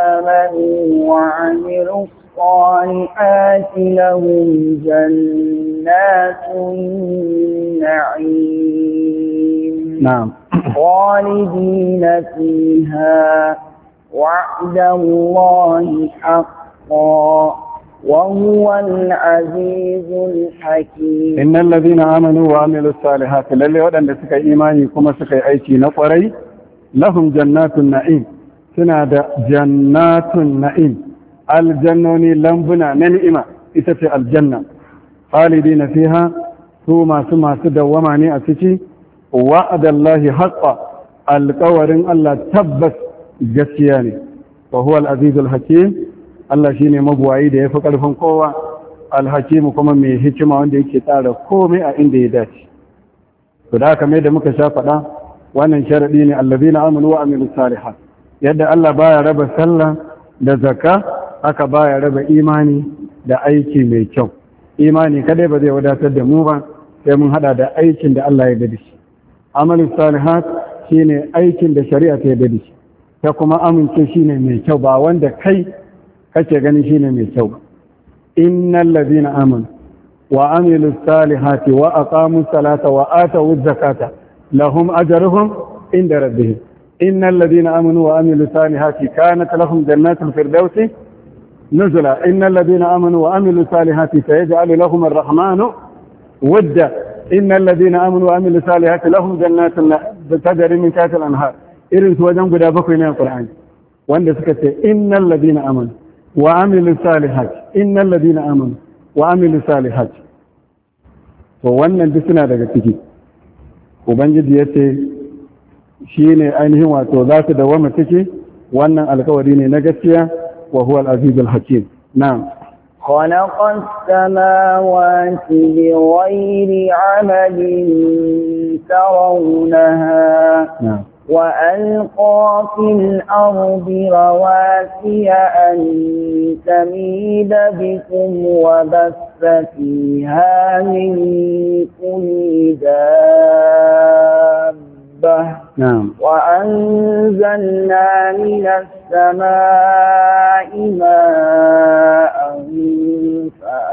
آمنوا وعملوا الصالحات لهم جنات النعيم نعم خالدين فيها وعد الله حقا وهو العزيز الحكيم إن الذين آمنوا وعملوا الصالحات للي ودن سكا إيماني كما سكا أيتي نقري لهم جنات النعيم سنادى جنات النعيم الجنوني لنبنا ننئمة إتتي الجنة خالدين فيها ثم ثم سدوما نئتكي wa'adallahi haqqan alƙawarin Allah tabbas gaskiya ne wa huwa al hakim Allah shine mabuwayi da ya fi ƙarfin kowa al kuma mai hikima wanda yake tsara komai a inda ya dace to da haka mai da muka sha faɗa wannan sharaɗi ne allazina amanu wa amilus salihat yadda Allah baya raba sallah da zakka haka baya raba imani da aiki mai kyau imani kadai ba zai wadatar da mu ba sai mun haɗa da aikin da Allah ya gadi amalin salihat shine aikin da shari'a ta yarda da shi ta kuma amince shine mai kyau ba wanda kai kake ganin shine mai kyau ba innal ladina amanu wa amilu salihati wa aqamu salata wa atu zakata lahum ajruhum inda rabbihim innal ladina amanu wa amilu salihati kanat lahum jannatul firdausi نزلا إن الذين آمنوا وعملوا الصالحات سيجعل لهم الرحمن ودا إن الذين آمنوا وعملوا الصالحات لهم جنات تجري من تحت الأنهار irin su wajen guda bakwai na Qur'ani wanda suka ce innal ladina amanu wa amilu salihat innal ladina amanu wa amilu salihat to wannan suna daga ciki ubangiji ya ce shine ainihin wato za su dawama ciki wannan alkawari ne na gaskiya wa huwa al-azizul hakim na'am خلق السماوات بغير عمل ترونها نعم. وألقى في الأرض رواسي أن تميد بكم وبث فيها من كل دابة نعم. وأنزلنا من السماء ماء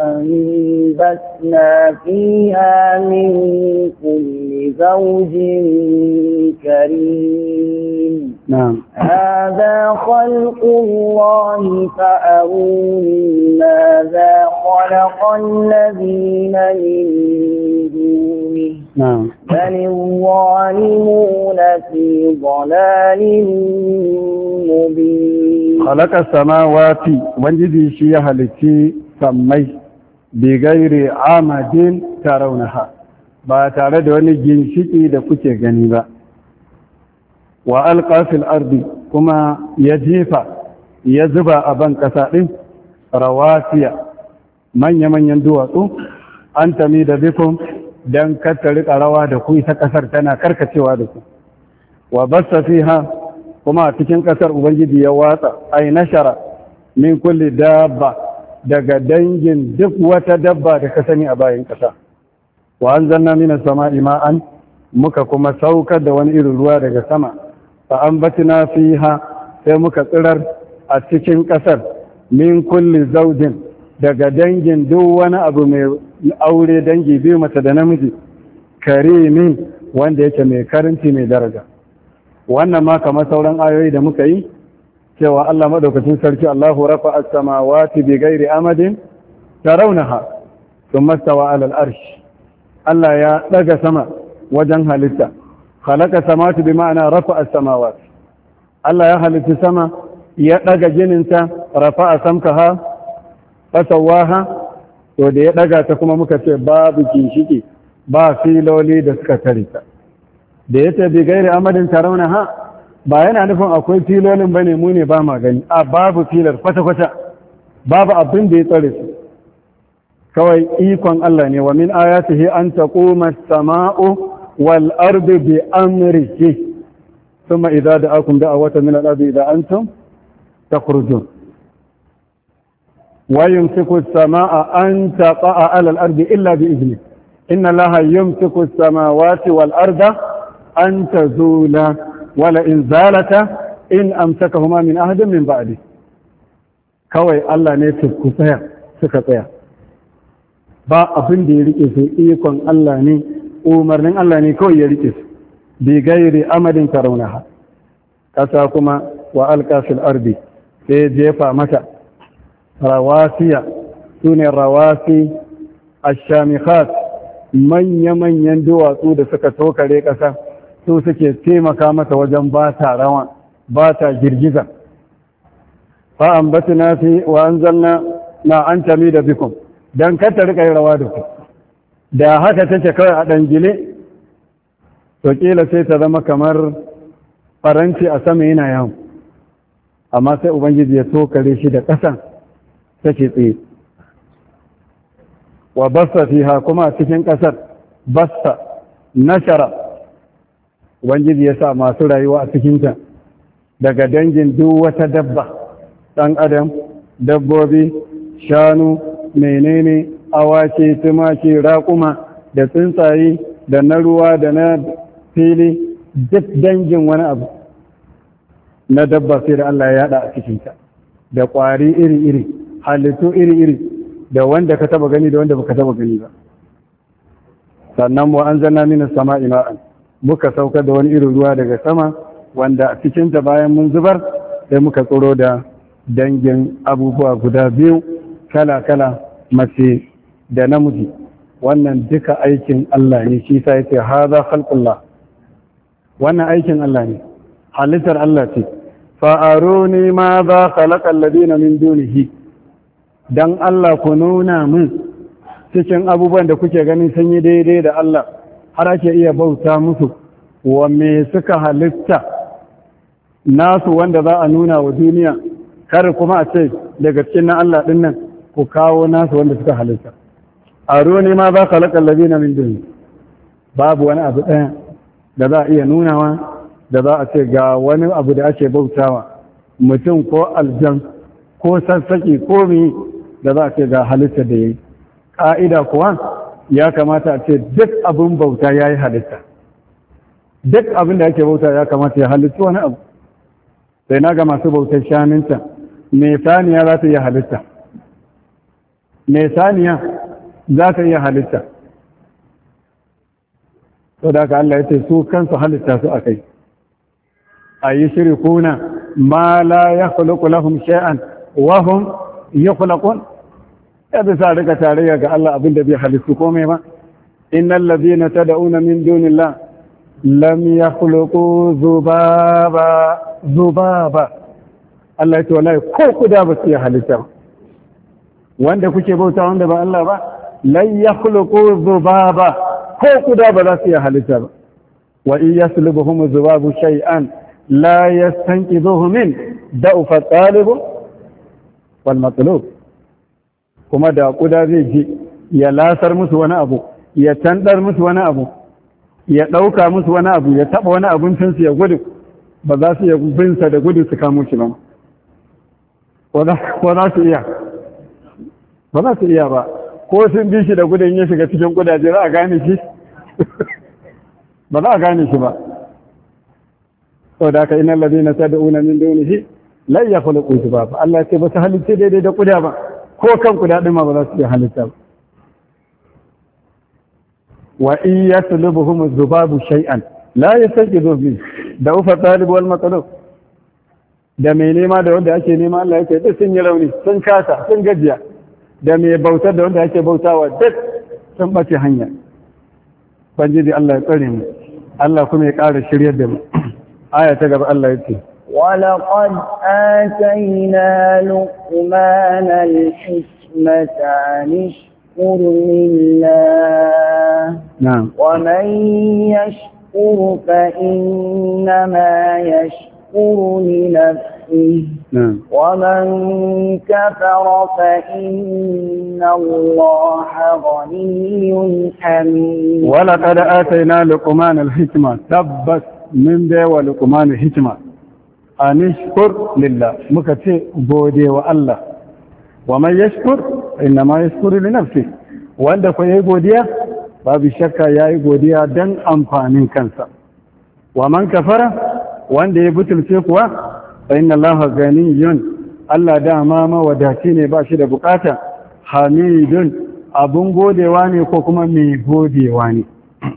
وأنبتنا فيها من كل زوج كريم نعم هذا خلق الله فأروني ماذا خلق الذين من دونه نعم بل الظالمون في ضلال مبين خلق السماوات وانجزي شيئا لكي سميه bi gairi amadin tarawnaha ba tare da wani ginshiki da kuke gani ba wa alqa fil ardi kuma ya jefa ya zuba a ban ƙasa ɗin rawasiya manya manyan duwatsu an tami da bikum dan kar ta rawa da ku ita kasar tana karkacewa da ku wa basta fiha kuma a cikin kasar ubangiji ya watsa ay nashara min kulli dabba daga dangin duk wata dabba da ka sani a bayan ƙasa wa an zanna mina sama ima'an muka kuma saukar da wani irin ruwa daga sama fa an fi fiha sai muka tsirar a cikin ƙasar min kulli zaujin daga dangin duk wani abu mai aure dangi biyu mata da namiji min wanda yake mai karinci mai daraja wannan ma kamar sauran ayoyi da muka yi cewa Allah madaukakin sarki Allahu rafa as-samawati bi ghairi amadin tarawnaha thumma stawa 'ala al-arsh Allah ya daga sama wajen halitta khalaqa samawati bi ma'ana rafa as-samawati Allah ya halitta sama ya daga jininta rafa samkaha fasawaha to da ya daga ta kuma muka ce babu kinshiki ba filoli da suka tarita da yace bi ghairi amadin tarawnaha ba yana nufin akwai filolin ba ne mu ne ba ma gani a babu filar kwata-kwata babu abin da ya tsare su kawai ikon Allah ne wa min ayatihi an taquma as-sama'u wal ardu bi amrihi thumma idza da'akum da'awatan min al-ardi idza antum takhrujun wa yumsiku as-sama'a an taqa'a 'ala al-ardi illa bi idhnihi inna Allaha yumsiku as-samawati wal arda an tazula wala in zalata in amsakahuma min ahadin min ba'di kawai Allah ne ku tsaya suka tsaya ba abin da ya rike su ikon Allah ne umarnin Allah ne kawai ya rike su bi gairi amadin karaunaha kasa kuma wa alqasil ardi sai jefa mata rawasiya sune rawasi ashamikhat manya-manyan duwatsu da suka tokare kasa su suke taimaka mata wajen ba ta rawa ba ta girgiza fa ambatna fi wa anzalna na an da bikum dan kar ta rika rawa da ku da haka take kawai a dangile to kila sai ta zama kamar faranti a sama yana yawo amma sai ubangiji ya tokare shi da ƙasan take tsaye wa basta fiha kuma cikin ƙasar basta nashara ubangiji ya sa masu rayuwa a cikinta daga dangin duk wata dabba ɗan adam dabbobi shanu menene awaki tumaki raƙuma da tsuntsaye da na ruwa da na fili duk dangin wani abu na dabba sai da Allah ya yada a cikinta da ƙwari iri-iri halittu iri-iri da wanda ka taba gani da wanda baka taba gani ba sannan mu an zanna mini sama muka saukar da wani irin ruwa daga sama wanda a cikinta bayan mun zubar sai muka tsoro da dangin abubuwa guda biyu kala-kala mace da namiji wannan duka aikin Allah ne shi sa yake haza khalqullah wannan aikin Allah ne halittar Allah ce fa'aruni ma za khalaqa alladina min dunihi dan Allah ku nuna min cikin abubuwan da kuke ganin sun yi daidai da Allah har ake iya bauta musu wa me suka halitta nasu wanda za a nuna wa duniya kar kuma a ce daga cikin na Allah din nan ku kawo nasu wanda suka halitta a ne ma za ka laƙar labina min duni babu wani abu ɗaya da za a iya nunawa da za a ce ga wani abu da ake bautawa mutum ko aljan ko sassaƙi ko mi da za a ce ga halitta da ya yi ƙa'ida kuwa ya kamata a ce duk abin bauta ya yi halitta duk abin da yake bauta ya kamata ya halitta wani abu sai na ga masu bautar shaninta mai saniya za ta iya halitta mai saniya za ta iya halitta to da ka Allah ya ce su kansu halitta su akai a yi shirikuna ma la ya khuluqu sha'an shay'an wa hum yukhlaqun yadda sa rika tarayya ga Allah abin da bai halittu komai ba innal ta tad'una min dunillah lam yakhluqu zubaba zubaba Allah ya ce wallahi ko kuda ba su halitta wanda kuke bauta wanda ba Allah ba lan yakhluqu zubaba ko kuda ba za su halitta ba wa in yaslubuhum zubabu shay'an la yastanqidhuhu min da'fa at-talib wal matlub kuma da kuda zai ji ya lasar musu wani abu ya tandar musu wani abu ya ɗauka musu wani abu ya taɓa wani abincinsu ya gudu ba za su iya binsa da gudu su kamo shi ba ko za su iya ba za su iya ba ko sun bi shi da gudun ya shiga cikin kudaje za a gane shi [LAUGHS] ba za a gane shi ba sau da aka inan labi na sadu'una min dunihi lai ya kula ƙunshi ba Allah ce ba su halittu daidai da kuda ba ko kan ku daɗin ma ba za su iya halitta ba wa in ya tulubuhum zubabu shay'an la yastajidu min da ufa talib wal matalub da mai nema da wanda ake nema Allah yake duk sun yi rauni sun kasa sun gajiya da mai bautar da wanda ake bautawa duk sun bace hanya banjiji Allah ya tsare mu Allah kuma ya ƙara shiryar da mu aya ta gaba Allah ya ce ولقد آتينا لقمان الحكمة عن اشكر لله نعم ومن يشكر فإنما يشكر لنفسه نعم ومن كفر فإن الله غني حميد ولقد آتينا لقمان الحكمة تبت من ذي ولقمان الحكمة anishkur lillah muka ce gode wa Allah wa man yashkur ma yashkuru li nafsi wanda ko yayi godiya babu shakka yayi godiya dan amfanin kansa wa man kafara wanda ya butulce kuwa fa inna allaha ganiyun Allah dama mawadaci ne ba shi da bukata hamidun abun godewa ne ko kuma mai godewa ne [CLEARS THROAT]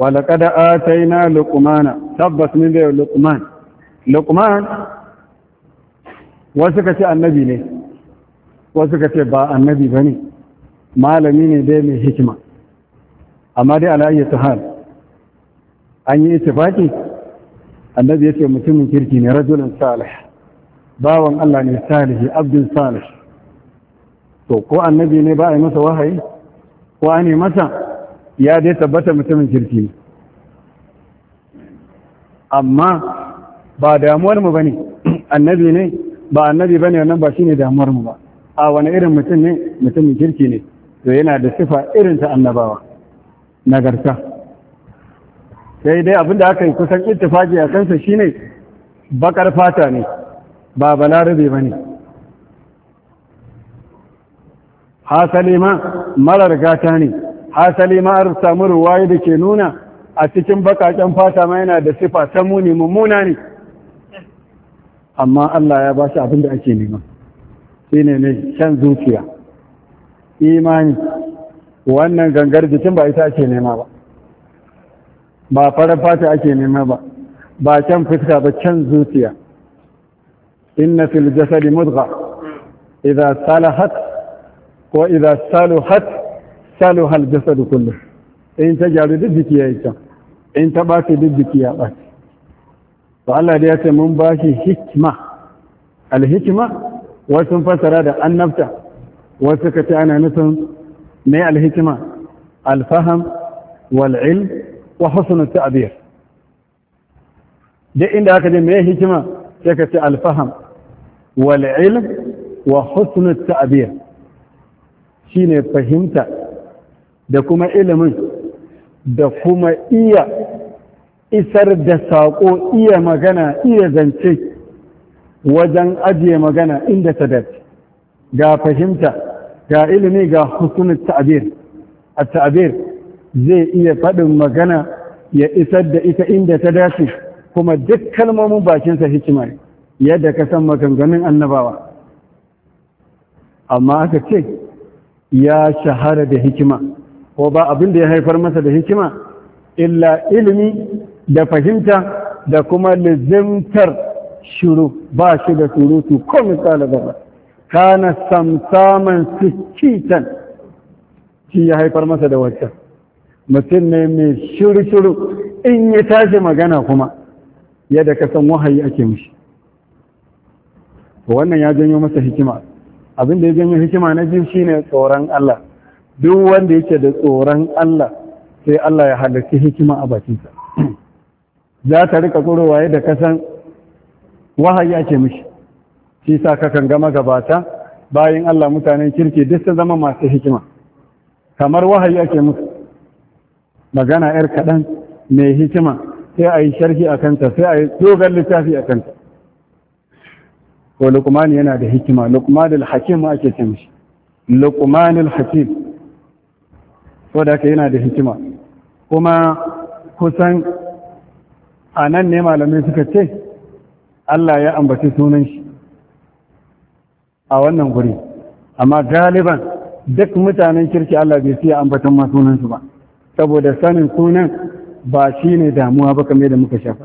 wa laqad atayna luqmana tabbas min da luqman lukman wasu ka ce annabi ne wasu ka ce ba annabi ba ne malami ne dai mai hikima amma dai ala'ayyar ta hal an yi itifaki annabi ya ce mutumin kirki ne rajulun salih bawan Allah ne salihi abdin salih to ko annabi ne ba a yi masa wahayi ko an yi masa ya dai tabbata mutumin kirki ne amma ba damuwar mu bane [CLEARS THROAT] annabi ne ba annabi bane wannan ba shine damuwar mu ba a wani irin mutum ne mutumin kirki ne to yana da sifa irin ta annabawa nagarta sai dai da aka yi kusan ittifaki a kansa shine bakar fata ne ba balarabe bane hasali ma marar gata ne hasali ma an samu ruwaye da ke nuna a cikin bakaken fata ma yana da sifa ta muni mummuna ne amma Allah ya ba shi abin da ake nema shi ne ne shan zuciya imani wannan gangar jikin ba ita ake nema ba ba farar fata ake nema ba ba can fuska ba can zuciya inna fil jasadi mudgha idza salahat wa idza saluhat saluha al jasad kullu in ta jaru duk jiki yayi can in ta ba ta duk jiki ya ba to Allah da ya ce mun ba shi hikima alhikima wasu fasara da annabta wasu ka ce ana nufin me alhikima alfaham wal'il wa husnul ta'bir duk inda aka ce mai hikima sai ka ce alfaham wal'il wa husnul ta'bir shine fahimta da kuma ilimin da kuma iya isar da saƙo iya magana iya zance wajen ajiye magana inda ta dace ga fahimta ga ilimi ga husunin ta'abir a ta'abir zai iya faɗin magana ya isar da ita inda ta dace kuma duk kalmomin bakinsa hikima yadda ka san maganganun annabawa amma aka ce ya shahara da hikima ko ba abin da ya haifar masa da hikima illa ilimi da fahimta da kuma lizimtar shiru ba shi da surutu ko misali ba kana samsaman sikitan shi ya haifar masa da wacce mutum ne mai shiru-shiru in ya tashi magana kuma yadda ka san wahayi ake mishi wannan ya janyo masa hikima abin da ya janyo hikima na shi shine tsoron Allah duk wanda yake da tsoron Allah sai Allah ya halarci hikima a bakinsa za ta rika tsorowa yadda kasan wahayi wahaya ce mishi shi sa ka kan gama gabata bayan Allah mutanen kirki duk sun zama masu hikima kamar wahayi ake musu magana yar kaɗan mai hikima sai a yi sharhi a kanta sai a yi dogon littafi a kanta ko lukumani yana da hikima lukumanil hakim ake ce mishi lukumanil hakim ko da yana da hikima kuma kusan a nan ne malamai suka ce Allah ya ambaci sunan shi a wannan guri amma galiban duk mutanen kirki Allah bai siya ambatan ma su ba saboda sanin sunan ba shi ne damuwa ba kamar da muka shafa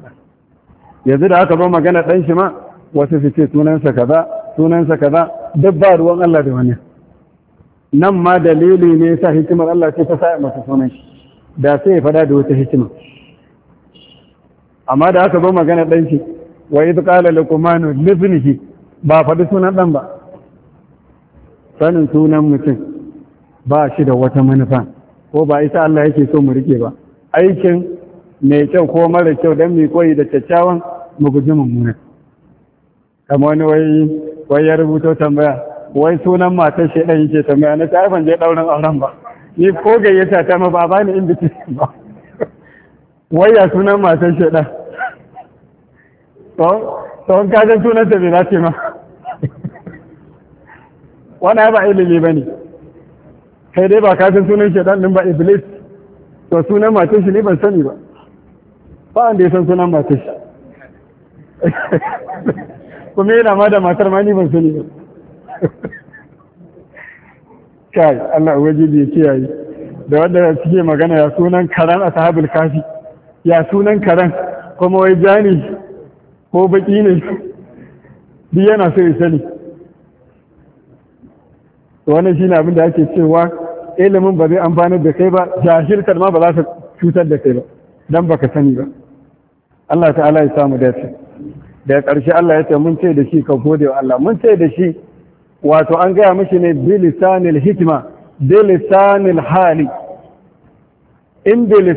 yanzu da aka ba magana ɗan shi ma wasu su ce sunansa kaza sunansa kaza duk ba ruwan Allah da wani nan ma dalili ne sa hikimar Allah ce ta sa masa sunan shi da sai ya faɗa da wata hikima amma da aka zo magana ɗan shi wa idh da luqmanu libnihi ba faɗi sunan ɗan ba sanin sunan mutum ba shi da wata manufa ko ba isa Allah yake so mu rike ba aikin mai kyau ko mara kyau don mai koyi da kyakkyawan mu guji mummuna kamar wani wai wai ya rubuto tambaya wai sunan matar shaidan yake tambaya na ta ban je auren ba ni ko gayyata ta ma ba ba ni invitation ba [LAUGHS] wai ya sunan matar shaidan tsawon kajan sunanta bai dace ma wani ya ba ilimi ba ne kai dai ba kasan sunan shaidan ɗin ba iblis to sunan matan shi ne ban sani ba ba an da ya san sunan matan shi [LAUGHS] kuma yana ma da matar ma ni ban sani ba [LAUGHS] kai Allah ubangiji ya kiyaye da wanda suke magana ya sunan karan ashabul kafi ya sunan karan kuma wai jani ko baki ne duk yana so ya sani to wannan shine abin da ake cewa ilimin ba zai amfanar da kai ba jahil ma ba za ta cutar da kai ba dan baka sani ba Allah ta'ala ya samu dace da ƙarshe Allah ya ce mun ce da shi ka gode wa Allah mun ce da shi wato an gaya mishi ne bi hikma bi lisanil hali in bi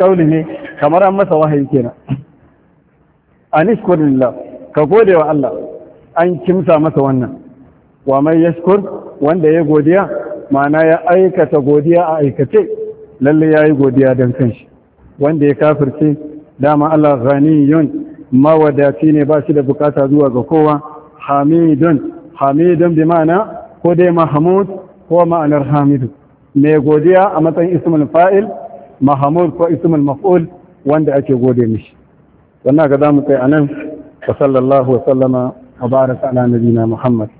kauli ne kamar an masa wahayi kenan an lillah ka gode wa Allah an kimsa masa wannan wa mai yashkur wanda ya godiya ma'ana ya aikata godiya a aikace lalle ya yi godiya don kanshi wanda ya kafirce dama Allah ghaniyun mawadaci ne ba shi da bukata zuwa ga kowa hamidun hamidun bi ma'ana ko dai mahmud ko ma'anar hamidu mai godiya a matsayin ismul fa'il mahmud ko ismul maf'ul wanda ake gode mishi wannan ga za mu tsaye a nan wa sallallahu wa sallama wa baraka ala nabina muhammad